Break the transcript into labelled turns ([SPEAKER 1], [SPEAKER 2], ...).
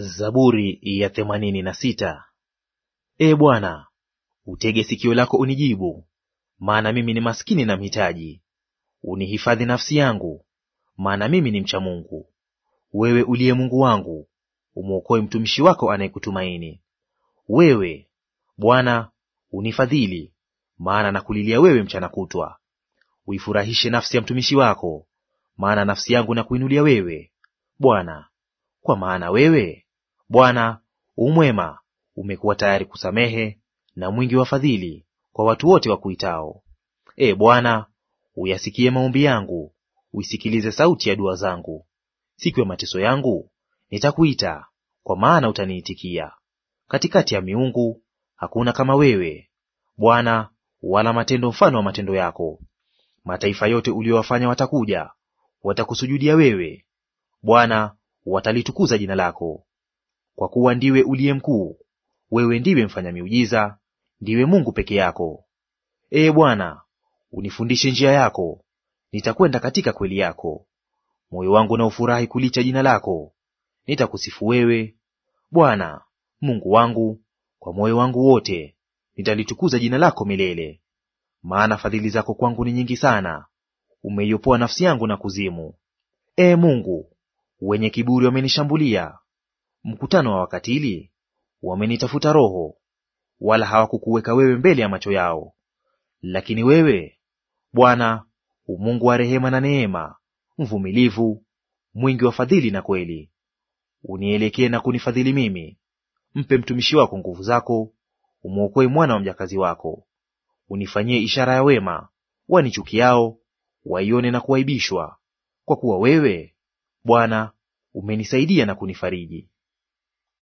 [SPEAKER 1] Zaburi ya themanini na sita. E Bwana, utege sikio lako unijibu, maana mimi ni maskini na mhitaji. Unihifadhi nafsi yangu, maana mimi ni mcha Mungu. Wewe uliye Mungu wangu, umwokoe mtumishi wako anayekutumaini. Wewe Bwana unifadhili, maana nakulilia wewe mchana kutwa. Uifurahishe nafsi ya mtumishi wako, maana nafsi yangu nakuinulia wewe, Bwana, kwa maana wewe Bwana umwema umekuwa tayari kusamehe na mwingi wa fadhili kwa watu wote wakuitao. E Bwana, uyasikie maombi yangu, uisikilize sauti ya dua zangu. Siku ya mateso yangu nitakuita, kwa maana utaniitikia. Katikati ya miungu hakuna kama wewe, Bwana, wala matendo mfano wa matendo yako. Mataifa yote uliowafanya watakuja, watakusujudia wewe. Bwana, watalitukuza jina lako kwa kuwa ndiwe uliye mkuu, wewe ndiwe mfanya miujiza, ndiwe Mungu peke yako. Ee Bwana, unifundishe njia yako, nitakwenda katika kweli yako. Moyo wangu na ufurahi kulicha jina lako, nitakusifu wewe Bwana Mungu wangu, kwa moyo wangu wote nitalitukuza jina lako milele. Maana fadhili zako kwangu ni nyingi sana, umeiopoa nafsi yangu na kuzimu. Ee Mungu, wenye kiburi wamenishambulia, mkutano wa wakatili wamenitafuta roho, wala hawakukuweka wewe mbele ya macho yao. Lakini wewe Bwana umungu wa rehema na neema, mvumilivu, mwingi wa fadhili na kweli, unielekee na kunifadhili mimi. Mpe mtumishi wako nguvu zako, umwokoe mwana wa mjakazi wako. Unifanyie ishara ya wema, wanichukiao waione na kuaibishwa, kwa kuwa wewe Bwana umenisaidia na kunifariji.